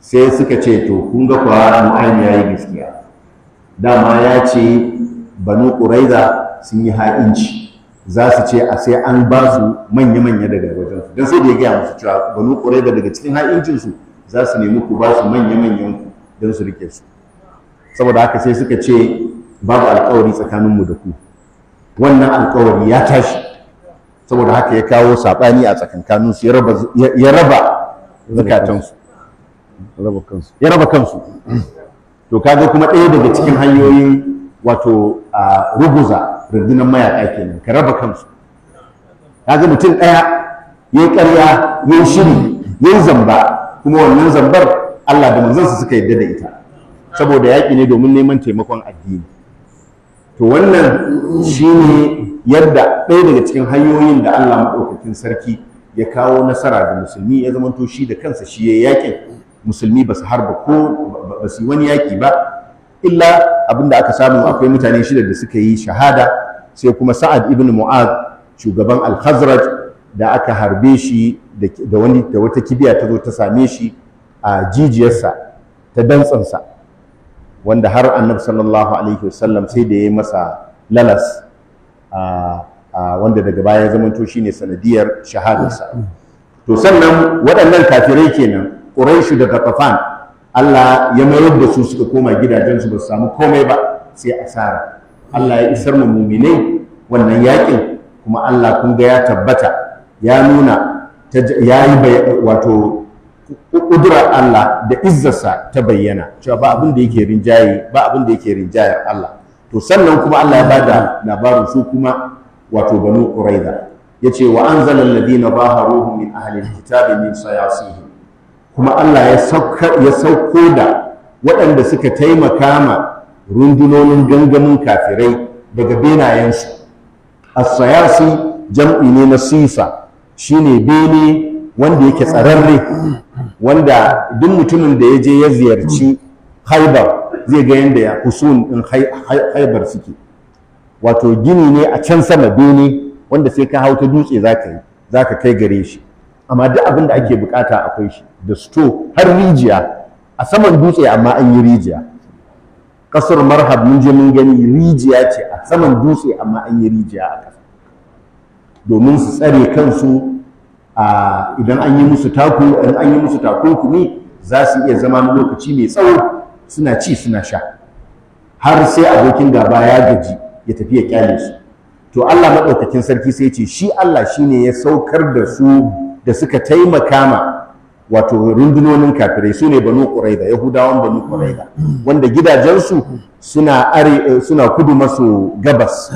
sai suka ce to kun ga kuwa mu'ayin ya yi gaskiya dama ya ce banu ƙuraiza sun yi ha'inci za su ce a sai an ba su manya-manya daga wajen don sai da ya gaya musu cewa banu ƙuraiza daga cikin ha'incinsu za su nemi ku ba su manya-manyan don su rike saboda haka sai suka ce babu alkawari tsakaninmu da ku wannan alkawari ya tashi saboda haka ya kawo saɓani a tsakankanin su ya raba zukatansu ya raba kansu to kaga kuma ɗaya daga cikin hanyoyin wato a ruguza rundunar mayaƙa kenan ka raba kansu kaga mutum ɗaya ya yi ƙarya ya yi shiri ya yi zamba kuma wannan zambar Allah da manzansa suka yadda da ita saboda yaƙi ne domin neman taimakon addini to wannan shine yadda ɗaya daga cikin hanyoyin da Allah maɗaukakin sarki ya kawo nasara da musulmi ya zamanto shi da kansa shi ya yakin musulmi ba su harba ko ba su yi wani yaƙi ba illa da aka samu akwai mutane shida da suka yi shahada sai kuma sa'ad ibn mu'ad shugaban al-khazraj da aka harbe shi da wani da wata kibiya ta zo ta same shi a jijiyarsa ta dantsansa wanda har annabi sallallahu alaihi wasallam sai da ya yi masa lalas wanda daga baya ya zamanto ne sanadiyar shahararsa to sannan waɗannan kafirai kenan quraishu daga qatafan Allah ya mayar da su suka koma gidajensu ba su samu komai ba sai asara Allah ya isar mu muminai wannan yaƙin kuma Allah kun ga ya tabbata ya nuna ya yi wato ƙudurar Allah da izzarsa ta bayyana cewa ba abin da yake rinjaye ba abin da yake rinjayar Allah to sannan kuma Allah ya da labarin su kuma wato banu ya yace wa anzala alladhina baharuhum min ahli alkitabi min sayasihi kuma Allah ya sauko da waɗanda suka taimaka ma rundunonin gangamin kafirai daga benayensu asayasi jam'i ne na sisa shine bene wanda yake tsararre wanda duk mutumin da ya je ya ziyarci haibar zai ga yanda ya husun din haibar suke wato gini ne a can sama bene wanda sai ka hau ta dutse za ka yi za ka kai gare shi amma duk abin da ake bukata akwai shi da sto har rijiya a saman dutse amma an yi rijiya kasar marhab mun je mun gani rijiya ce a saman dutse amma an yi rijiya a ƙasa domin su tsare kansu a idan an yi musu taku idan an yi musu takunkumi za su iya zama na lokaci mai tsawo suna ci suna sha har sai abokin gaba ya gaji ya tafi ya kyale su to Allah maɗaukakin sarki sai ce shi Allah shine ya saukar da su da suka taimaka ma wato rundunonin kafirai su ne banu quraida yahudawan banu quraida wanda gidajensu suna are suna kudu maso gabas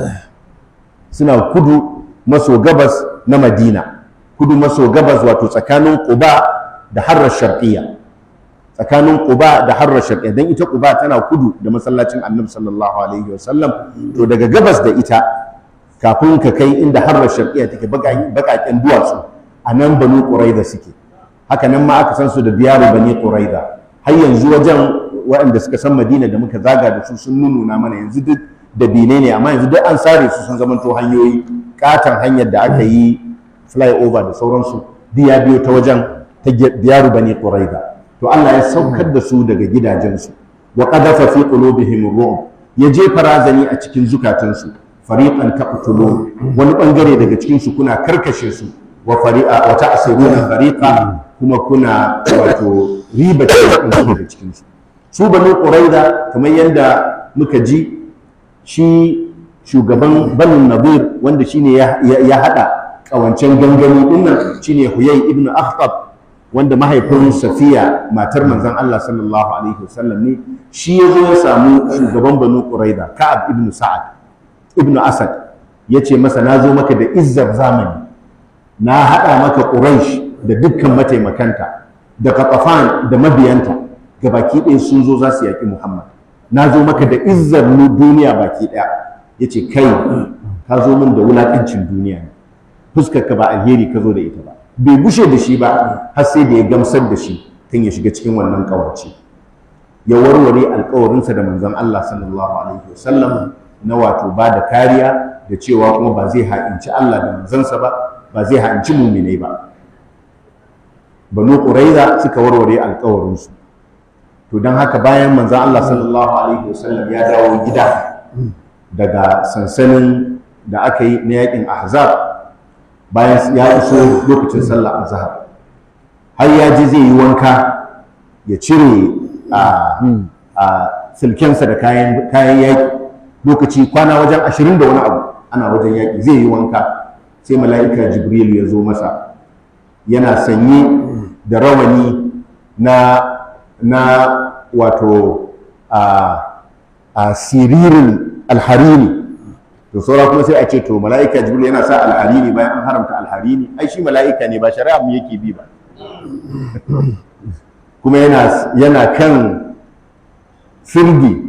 suna kudu maso gabas na madina kudu maso gabas wato tsakanin quba da harar sharqiyya tsakanin Quba da harrashar idan ita Quba tana kudu da masallacin Annabi sallallahu alaihi wasallam to daga gabas da ita kafin ka kai inda harrashar iya take bakaken duwatsu a nan Banu Qurayza suke haka nan ma aka san su da diyaru Bani Qurayza har yanzu wajen waɗanda suka san Madina da muka zaga da su sun nuna mana yanzu duk da bine ne amma yanzu duk an sare su sun zamanto hanyoyi katon hanyar da aka yi flyover da sauransu biya ya biyo ta wajen ta diyaru Bani Qurayza to Allah ya saukar da su daga gidajensu wa qadafa fi qulubihim ru'b ya je farazani a cikin zukatansu fariqan taqtulun wani bangare daga cikin su kuna karkashe su wa fari'a wa ta'siruna fariqa kuma kuna wato riba daga cikin su su banu quraida kamar yanda muka ji shi shugaban banin nabir wanda shine ya hada kawancen gangami dinnan shine huyai ibnu akhtab wanda mahaifin safiya matar manzon Allah sallallahu alaihi wasallam ne shi ya zo ya samu shugaban banu ƙuraida. ka'ab ibn sa'ad ibn asad ya ce masa na zo maka da izzar zamani na haɗa maka quraish da dukkan mataimakanta da qatafan da mabiyanta ga baki ɗaya sun zo za su yaƙi muhammad na zo maka da izzar mu duniya baki ɗaya ya ce kai ka zo min da wulaƙancin duniya ne ka ba alheri ka zo da ita ba bai bushe da shi ba har sai da ya gamsar da shi kan ya shiga cikin wannan kawance ya warware alkawarinsa da manzon Allah sallallahu alaihi wasallam na wato ba da kariya da cewa kuma ba zai ha'inci Allah da manzansa ba ba zai ha'inci muminai ba banu quraiza suka warware alkawarinsu to don haka bayan manzon Allah sallallahu alaihi wasallam ya dawo gida daga sansanin da aka yi na yakin ahzab bayan ya iso lokacin sallah zahar, har ya ji zai yi wanka ya cire a silkensa da kayan yaƙi lokaci kwana wajen ashirin da wani abu ana wajen yaƙi zai yi wanka sai mala'ika jibril ya zo masa yana sanye da rawani na na wato a siririn alharini to saura kuma sai a ce to mala'ika jibril yana sa alharini bayan an haramta alharini ai shi mala'ika ne ba shari'a mu yake bi ba kuma yana yana kan sirgi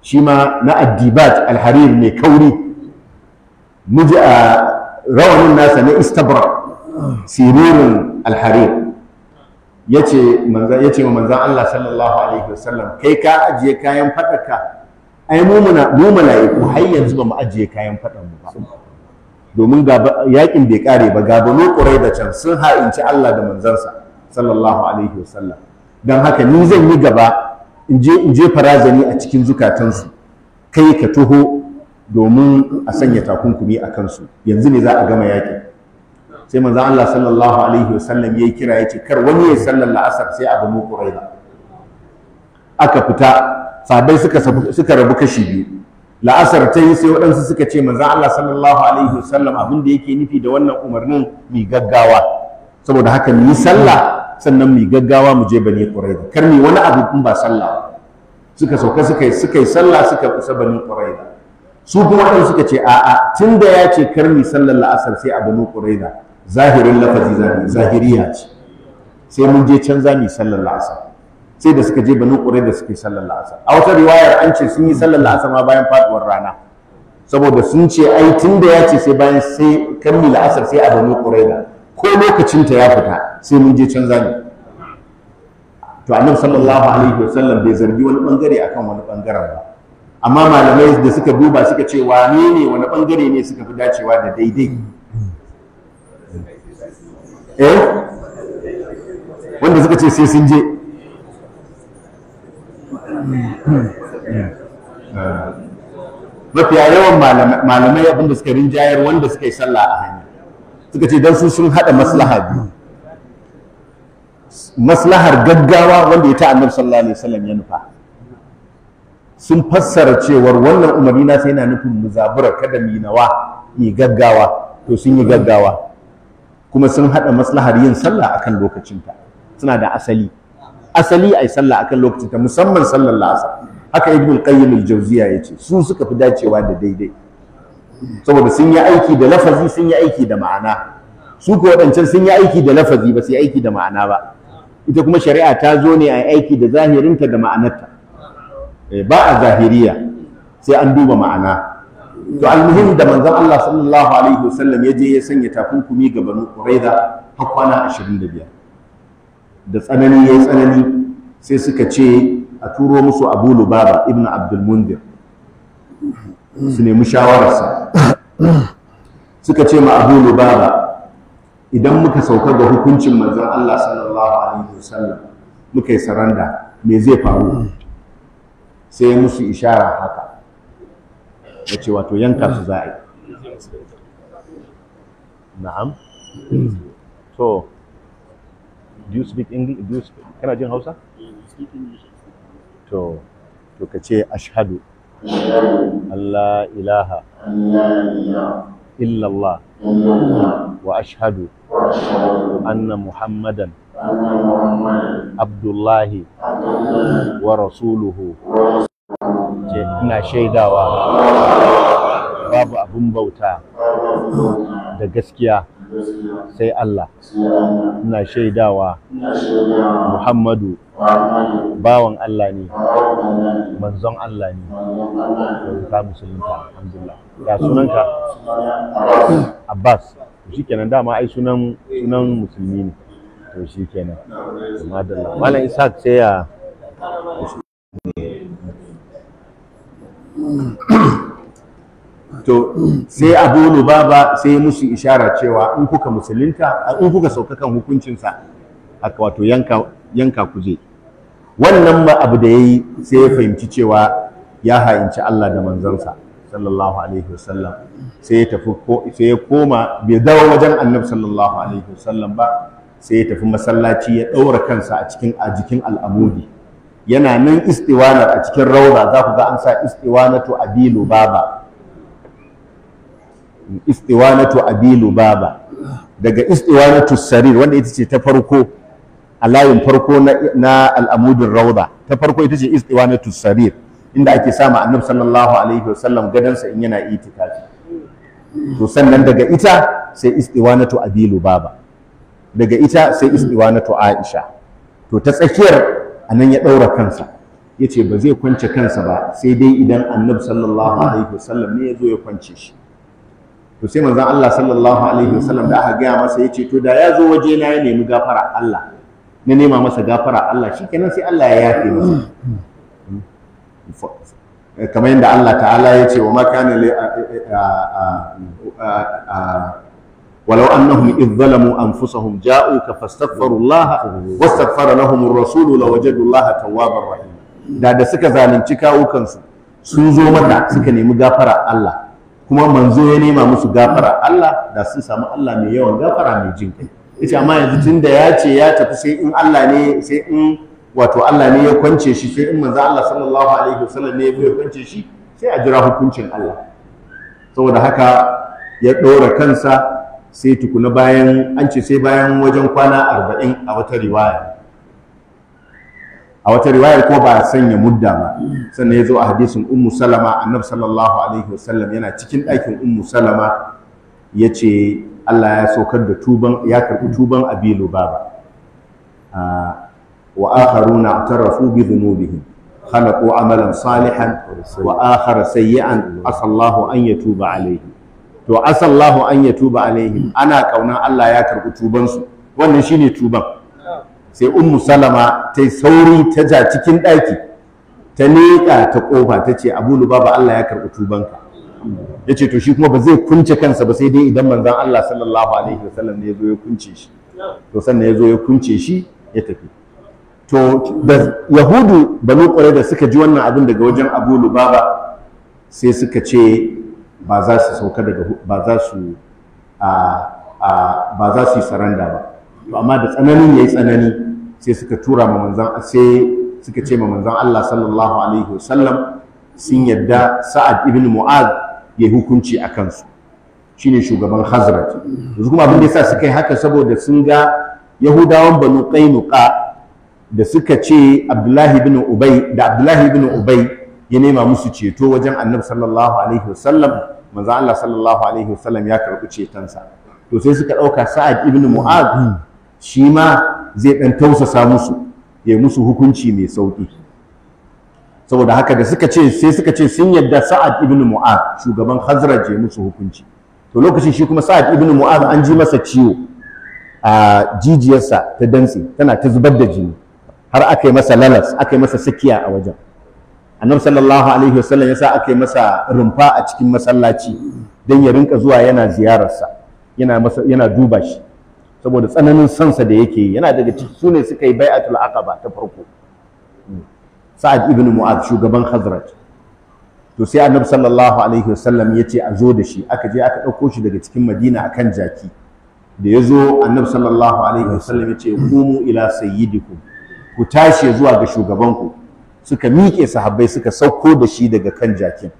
shi ma na addibat alharir mai kauri miji a rawanin nasa na istabra siririn alharir ya ce ma manzan Allah sallallahu alaihi wasallam kai ka ajiye kayan faɗaka ai mu muna mu mala'iku har yanzu ba mu ajiye kayan faɗan mu ba domin ga yakin bai kare ba ga bano kurai da can sun ha'inci Allah da manzansa sallallahu alaihi wasallam dan haka ni zan yi gaba in je in je farazani a cikin zukatansu kai ka taho domin a sanya takunkumi a kansu yanzu ne za a gama yakin sai manzon Allah sallallahu alaihi wasallam ya kira ya ce kar wani ya sallar la'asar sai a kurai ba aka fita Sabai suka rabu kashi biyu la'asar ta yi sai waɗansu suka ce manzan Allah sallallahu alaihi wasallam abin da yake nufi da wannan umarnin mai gaggawa saboda haka mu yi sallah sannan mi gaggawa mu je bani quraiza kar mu wani abu in ba sallah suka sauka suka yi suka yi sallah suka kusa bani quraiza su kuma waɗansu suka ce a'a tunda ya ce kar mu sallar la'asar sai a bani quraiza zahirin lafazi zahiriya ce sai mun je can za mu yi sallar la'asar sai da suka je banu ƙure da suke sallar la'asar a wata riwayar an ce sun yi sallar la'asar ma bayan faduwar rana saboda sun ce ai tun da ya ce sai bayan sai kammi la'asar sai a banu ƙure da ko lokacinta ya fita sai mun je canza ne to annabi sallallahu alaihi wasallam bai zargi wani bangare akan wani bangaren ba amma malamai da suka duba suka ce wane ne wani bangare ne suka fi dacewa da daidai eh wanda suka ce sai sun je Hmm. Hmm. Uh, mafiya yawan malamai abinda suka rinjayar wanda suka yi sallah a hanya suka ce don su sun haɗa maslaha biyu maslahar gaggawa wanda ya ta annabi sallah alaihi ya nufa sun fassara cewar wannan umarni na sai yana nufin muzabura kada mu nawa gaggawa to sun yi gaggawa kuma sun haɗa maslahar yin sallah akan lokacinta suna da asali asali a yi sallah akan lokaci ta musamman sallar la'asa. haka ibn qayyim al-jawziya yace su suka fi dacewa da daidai saboda sun yi aiki da lafazi sun yi aiki da ma'ana su ko wadancan sun yi aiki da lafazi ba su yi aiki da ma'ana ba ita kuma shari'a ta zo ne a aiki da zahirinta da ma'anarta eh, ba a zahiriya sai an duba ma'ana to almuhim da manzon Allah sallallahu alaihi wasallam ya je ya sanya takunkumi ga banu Quraiza har kwana 25 da tsanani ya yi tsanani sai suka ce a turo musu abu lubaba ibn abdulmundir su nemi shawararsa suka ce ma abu lubaba idan muka sauka ga hukuncin manzon Allah sallallahu alaihi wasallam muka yi saranda me zai faru sai ya musu ishara haka ya ce wato yanka su za'a yi na'am to do you speak english do you speak kana jin hausa to to ka ce ashhadu allah ilaha illallah wa ashhadu anna muhammadan abdullahi wa rasuluhu ina shaidawa babu abun bauta da gaskiya sai Allah ina shaidawa Muhammadu bawan Allah ne manzon Allah ne ta musulunta alhamdulillah ga sunanka Abbas shikenan dama ai sunan sunan musulmi ne to shikenan madalla malam Isaac sai ya to sai abu sai sai musu ishara cewa in kuka musulunta in kuka sauka kan hukuncinsa aka wato yanka yanka kuje wannan ma abu da yayi sai ya fahimci cewa ya ha'inci Allah da manzansa sallallahu alaihi wasallam sai ya tafi ko sai ya koma bai dawo wajen annabi sallallahu alaihi wasallam ba sai ya tafi masallaci ya daura kansa a cikin a jikin al'amudi yana nan istiwana a cikin rauda za ku ga an sa istiwanatu abilu baba istiwanatu abilu lubaba daga istiwanatu sarir wanda ita ce ta farko a layin farko na al'amudin rauda ta farko ita ce istiwanatu sarir inda ake sama annabi sallallahu alaihi wasallam gadansa in yana itikafi to sannan daga ita sai istiwanatu abilu lubaba daga ita sai istiwanatu aisha to ta tsakiyar a nan ya ɗaura kansa ya ce ba zai kwance kansa ba sai dai idan annabi sallallahu alaihi wasallam ne ya zo ya kwance shi to sai manzon Allah sallallahu alaihi wasallam da aka gaya masa yace to da ya zo waje na ya nemi gafara Allah na nema masa gafara Allah shikenan sai Allah ya yafe masa kamar yadda Allah ta'ala ya ce wa ma kana ولو أنهم إذ ظلموا أنفسهم جاءوك فاستغفروا الله واستغفر لهم الرسول لوجدوا الله توابا رحيما da da suka zalunci kawukansu sun zo mata suka nemi gafara Allah kuma manzo ya nema musu gafara Allah da sun samu Allah mai yawan gafara mai jin kai yace amma yanzu tunda ya ce ya tafi sai in Allah ne sai in wato Allah ne ya kwance shi sai in manzo Allah sallallahu alaihi wasallam ne ya kwance shi sai a jira hukuncin Allah saboda haka ya ɗora kansa sai tukuna bayan an ce sai bayan wajen kwana arba'in a wata riwaya a wata riwayar ko ba sanya mudda ba sannan ya zo a hadisin ummu salama annabi sallallahu alaihi wasallam yana cikin ɗakin ummu salama ya ce Allah ya saukar da tuban ya karɓi tuban abilu baba wa akharuna atarafu bi dhunubihim khalaqu amalan salihan wa akhara sayyi'an asallahu an yatuba alaihi to asallahu an yatuba alaihi ana kauna Allah ya karɓi tubansu wannan shine tuban sai ummu salama ta sauri ta ja cikin ɗaki ta leƙa ta ƙofa ta ce abu lubaba Allah ya karɓi tubanka ya ce to shi kuma ba zai kunce kansa ba sai dai idan manzan Allah sallallahu alaihi wasallam ne ya zo ya kunce shi to sannan ya zo ya kunce shi ya tafi to da yahudu ba ƙwarai da suka ji wannan abin daga wajen abu lubaba sai suka ce ba za su sauka daga ba ba za su yi saranda ba to amma da tsananin ya yi tsanani sai suka tura ma manzon sai suka ce ma manzon Allah sallallahu alaihi wasallam sun yadda Sa'ad ibn Mu'ad ya hukunci a kansu shine shugaban Hazrat yanzu kuma abin da sa suka yi haka saboda sun ga Yahudawan Banu Qainuqa da suka ce Abdullahi ibn Ubay da Abdullahi ibn Ubay ya nema musu ceto wajen Annabi sallallahu alaihi wasallam manzo Allah sallallahu alaihi wasallam ya karɓi cetonsa to sai suka ɗauka Sa'ad ibn Mu'ad shi ma zai ɗan tausasa musu ya musu hukunci mai sauƙi saboda haka da suka ce sai suka ce sun yadda sa'ad ibn mu'ad shugaban hazraj ya musu hukunci to lokacin shi kuma sa'ad ibn mu'ad an ji masa ciwo a jijiyarsa ta dantse tana ta zubar da jini har aka yi masa lalas aka yi masa sakiya a wajen annab sallallahu alaihi wasallam ya sa aka yi masa rumfa a cikin masallaci don ya rinka zuwa yana ziyararsa yana duba shi saboda tsananin sansa da yake yana daga ciki su ne suka yi bai'atul aqaba ta farko hmm. sa'ad ibn mu'ad shugaban hazrat to sai annabi sallallahu alaihi wasallam ya ce a zo da shi aka je aka ɗauko shi daga cikin madina akan jaki da ya zo annabi sallallahu alaihi wasallam ya ce kumu ila sayyidikum ku tashi zuwa ga shugabanku suka miƙe sahabbai suka sauko da shi daga kan jakin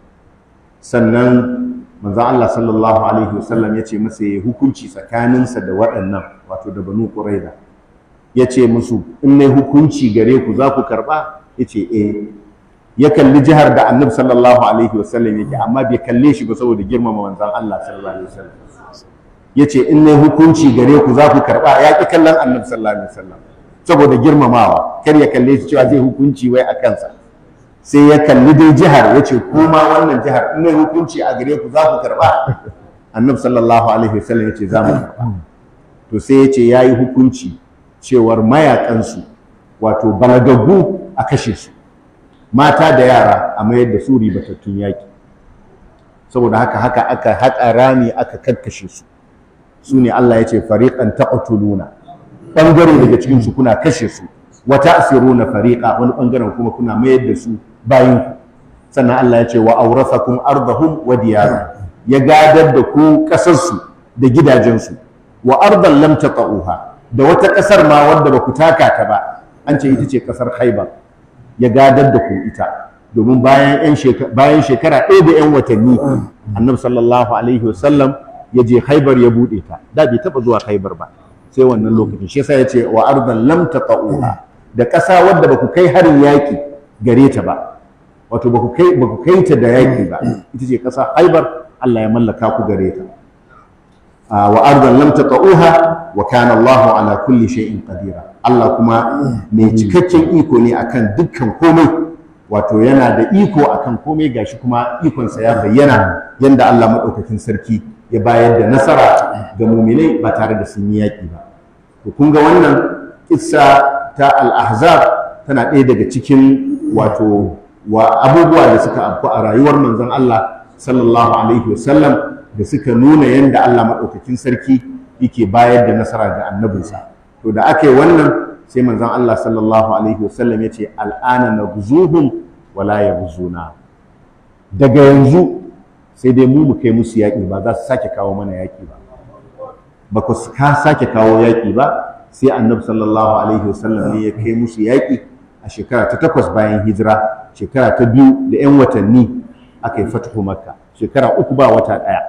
sannan manzo Allah sallallahu alaihi wasallam yace masa yayi hukunci tsakaninsa da waɗannan wato da Banu Qurayza yace musu in ne hukunci gare ku za ku karba yace eh ya kalli jihar da Annabi sallallahu alaihi wasallam yake amma bai kalle shi ba saboda girmama manzon Allah sallallahu alaihi wasallam yace in ne hukunci gare ku za ku karba ya ki kallon Annabi sallallahu alaihi wasallam saboda girmamawa kar ya kalle shi cewa zai hukunci wai a kansa sai ya kalli dai jihar ya ce kuma wannan jihar in hukunci a gare ku za ku karba? annabi sallallahu alaihi wasallam ya ce za mu karba. to sai ya ce ya yi hukunci cewar mayakansu wato balagaggu a kashe su mata da yara a mayar da su ribatattun yaƙi saboda haka haka aka haƙa rami aka kakkashe su su ne Allah ya ce fariƙan taqtuluna ɓangare daga cikin su kuna kashe su wata asiru na fariƙa wani ɓangaren kuma kuna mayar da su bayinku sannan Allah ya ce wa aurathakum ardahum wa diyara ya gadar da ku kasarsu da gidajensu wa ardan lam taqauha da wata kasar ma wanda ba ku taka ta ba an ce ita ce kasar Khaibar ya gadar da ku ita domin bayan bayan shekara ɗaya da 'yan watanni annabi sallallahu alaihi wasallam ya je Khaibar ya bude ta da bai taɓa zuwa Khaibar ba sai wannan lokacin shi yasa ya ce wa ardan lam taqauha da ƙasa wadda ba ku kai harin yaƙi gare ta ba wato ba ku kai ba kai ta da yaki ba ita ce ƙasa haibar Allah ya mallaka ku gare ta wa ardan lam taqauha wa kana Allahu ala kulli shay'in qadira Allah kuma mai cikakken iko ne akan dukkan komai wato yana da iko akan komai gashi kuma ikon sa ya bayyana yanda Allah madaukakin sarki ya bayar da nasara ga muminai ba tare da sun yi yaƙi ba to kun ga wannan kissa ta al-ahzab tana ɗaya daga cikin wato wa abubuwa da suka afku a rayuwar manzon Allah sallallahu alaihi wasallam da suka nuna yadda Allah maɗaukakin sarki yake bayar da nasara ga annabinsa to da aka yi wannan sai manzon Allah sallallahu alaihi wasallam ya ce al'ana nagzuhum wala yaghzuna daga yanzu sai dai mu mu kai musu yaƙi ba za su sake kawo mana yaƙi ba ba ku sake kawo yaƙi ba sai annabi sallallahu alaihi wasallam ne ya kai musu yaƙi a shekara ta takwas bayan hijira shekara ta biyu da 'yan watanni aka yi fatuhu makka shekara uku ba wata ɗaya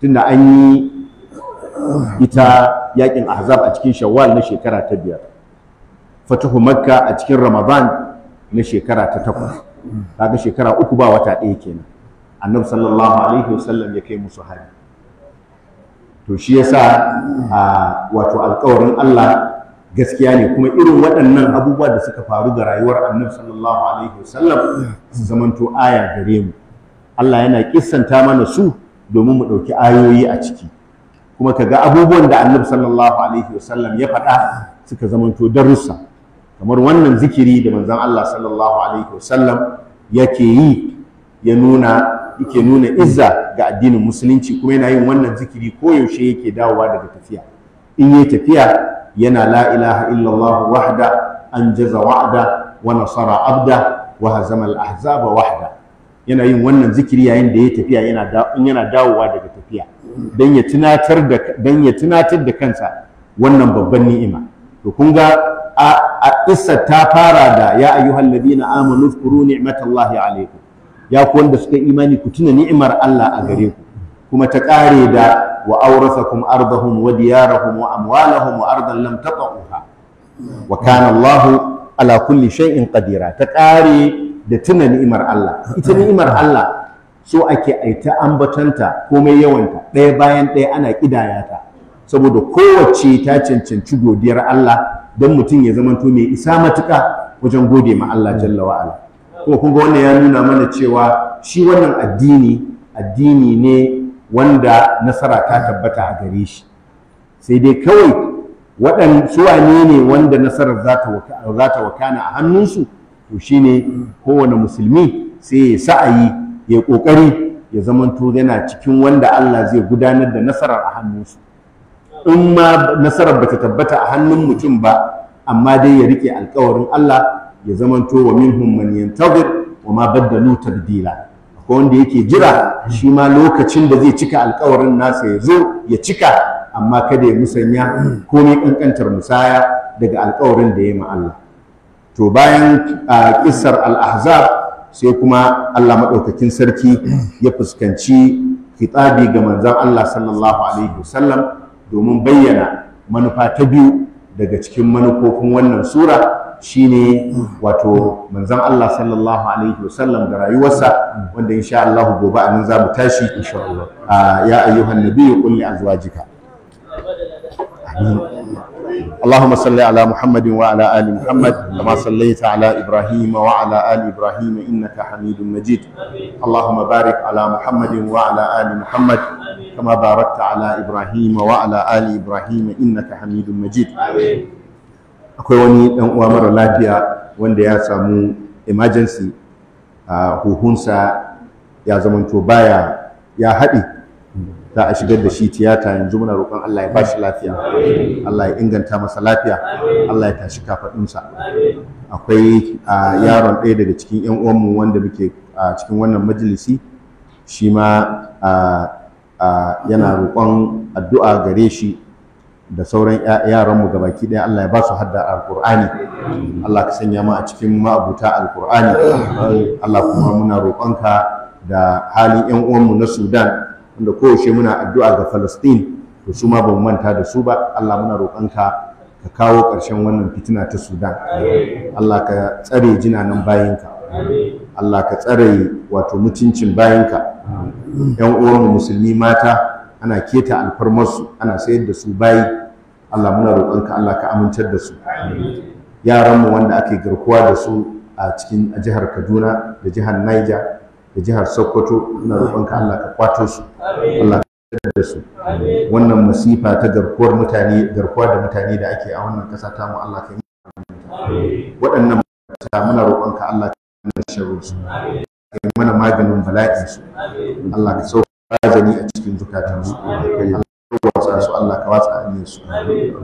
tunda an yi ita yakin ahzab a cikin shawwal na shekara ta biyar fatuhu makka a cikin ramadan na shekara ta takwas kaga shekara uku ba wata ɗaya kenan annabi sallallahu alaihi wasallam ya kai musu hari to shi yasa wato alƙawarin Allah gaskiya ne kuma irin waɗannan abubuwa da suka faru da rayuwar annabi sallallahu alaihi wasallam su zamanto aya gare mu Allah yana kissanta mana su domin mu ɗauki ayoyi a ciki kuma kaga abubuwan da annabi sallallahu alaihi wasallam ya faɗa suka zamanto darussa kamar wannan zikiri da manzon Allah sallallahu alaihi wasallam yake yi ya nuna yake nuna izza ga addinin musulunci kuma yana yin wannan zikiri koyaushe yake dawowa daga tafiya in yi tafiya yana la ilaha illallah wahda an jaza wa'ada wa nasara abda wa hazama al-ahzaba wahda yana yin wannan zikiri yayin da ya tafiya yana da yana dawowa daga tafiya dan ya tunatar da dan ya tunatar da kansa wannan babban ni'ima to kun ga a kissa ta fara da ya ayyuhal ladina amanu zkuru ni'matallahi alaykum ya ku wanda suka imani ku tuna ni'imar Allah a gare ku kuma ta kare da wa awrathakum ardahum wa diyarahum wa amwalahum wa ardan lam tata'uha wa kana ala kulli shay'in qadira ta kare da tuna ni'imar Allah ita ni'imar Allah so ake aita ambatanta komai yawanta ɗaya bayan ɗaya ana kidaya ta saboda kowace ta cancanci godiyar Allah don mutum ya zamanto mai isa matuka wajen gode ma Allah jalla wa'ala kuma kun ga wannan ya nuna mana cewa shi wannan addini addini ne wanda nasara ta tabbata a gare shi sai dai kawai waɗan wane ne wanda nasarar za ta wakana a hannunsu to shine kowane musulmi sai ya sa'ayi ya ƙoƙari ya zamanto yana cikin wanda Allah zai gudanar da nasarar a hannunsu in ma nasarar ba ta tabbata a hannun mutum ba amma dai ya rike alkawarin Allah ya zamanto wa minhum man yantazir wa ma baddalu tabdila ko wanda yake jira shi ma lokacin da zai cika alkawarin nasa ya zo ya cika amma kada ya musanya ko komai kankantar musaya daga alkawarin da ya yi Allah to bayan kissar al sai kuma Allah maɗaukakin sarki ya fuskanci kitabi ga manzan Allah sallallahu alaihi wasallam domin bayyana manufa ta biyu daga cikin manufofin wannan sura shine wato manzon Allah sallallahu alaihi wasallam da rayuwarsa wanda insha Allah gobe a nan za mu tashi insha Allah ya ayyuhan nabiyyu qul li azwajika اللهم صل على محمد وعلى ال محمد كما صليت على ابراهيم وعلى ال ابراهيم انك حميد مجيد اللهم بارك على محمد وعلى ال محمد كما باركت على ابراهيم وعلى ال ابراهيم انك حميد مجيد آمين. akwai wani dan uwa mara lafiya wanda ya samu emergency a huhunsa ya zamanto baya ya haɗe za a shigar da shi tiyata yanzu muna roƙon Allah ya bashi lafiya Allah ya inganta masa lafiya Allah ya tashi kafaɗinsa akwai yaron ɗaya daga cikin 'yan mu wanda muke a cikin wannan majalisi shi ma yana roƙon addu'a gare shi da sauran yaranmu ga baki ɗaya Allah ya ba su hadda alƙur'ani Allah ka sanya mu a cikin ma'abuta alƙur'ani Allah kuma muna roƙonka da halin ƴan uwanmu na Sudan wanda koyaushe muna addu'a ga Palestine, to su ma bamu manta da su ba Allah muna roƙonka ka kawo ƙarshen wannan fitina ta Sudan Allah ka tsare jinanan bayinka Allah ka tsare wato mutuncin bayinka ƴan uwanmu musulmi mata ana keta su, ana sayar da su bayi Allah muna roƙonka Allah ka amintar da su yaranmu wanda ake garkuwa da su a cikin jihar Kaduna da jihar Niger da jihar Sokoto muna roƙonka Allah ka kwato su Allah ka amintar da su wannan masifa ta garkuwar mutane garkuwa da mutane da ake a wannan ƙasa ta mu Allah ka yi waɗannan muna roƙonka Allah ka yi da su mana maganin bala'i su Allah ka sauka zani a cikin zukatansu watsa su Allah ka watsa annin su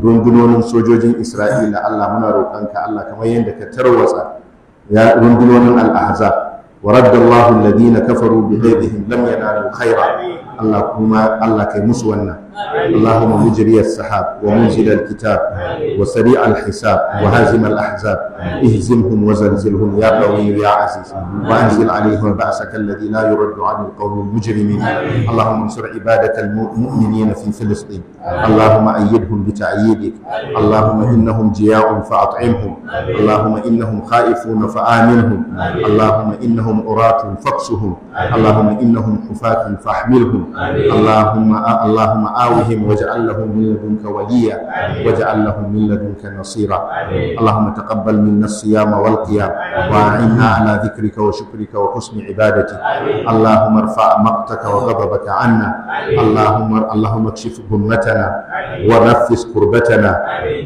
rundunonin sojojin Isra'ila Allah muna roƙonka Allah kamar yadda ka tarwatsa ya rundunonin al-ahzab wa raddallahu alladhina kafaru bi ghayrihim lam yanalu khaira Allah kuma Allah kai musu wannan اللهم مجري السحاب ومنزل الكتاب وسريع الحساب وهازم الأحزاب اهزمهم وزلزلهم يا قوي يا عزيز وأنزل عليهم بأسك الذي لا يرد عن القوم المجرمين اللهم انصر عبادك المؤمنين في فلسطين اللهم أيدهم بتأييدك اللهم إنهم جياع فأطعمهم اللهم إنهم خائفون فآمنهم اللهم إنهم اراث فاقصهم اللهم إنهم حفاة فاحملهم اللهم اللهم مآوهم واجعل لهم من لدنك وليا واجعل لهم من لدنك نصيرا اللهم تقبل منا الصيام والقيام وأعنا على ذكرك وشكرك وحسن عبادتك اللهم ارفع مقتك وغضبك عنا اللهم اللهم اكشف همتنا ونفس كربتنا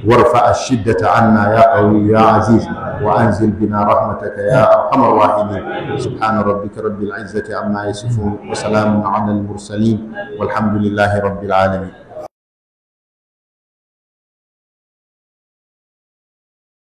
وارفع الشدة عنا يا قوي يا عزيز وأنزل بنا رحمتك يا أرحم الراحمين سبحان ربك رب العزة عما يصفون وسلام على المرسلين والحمد لله رب العالمين العالمين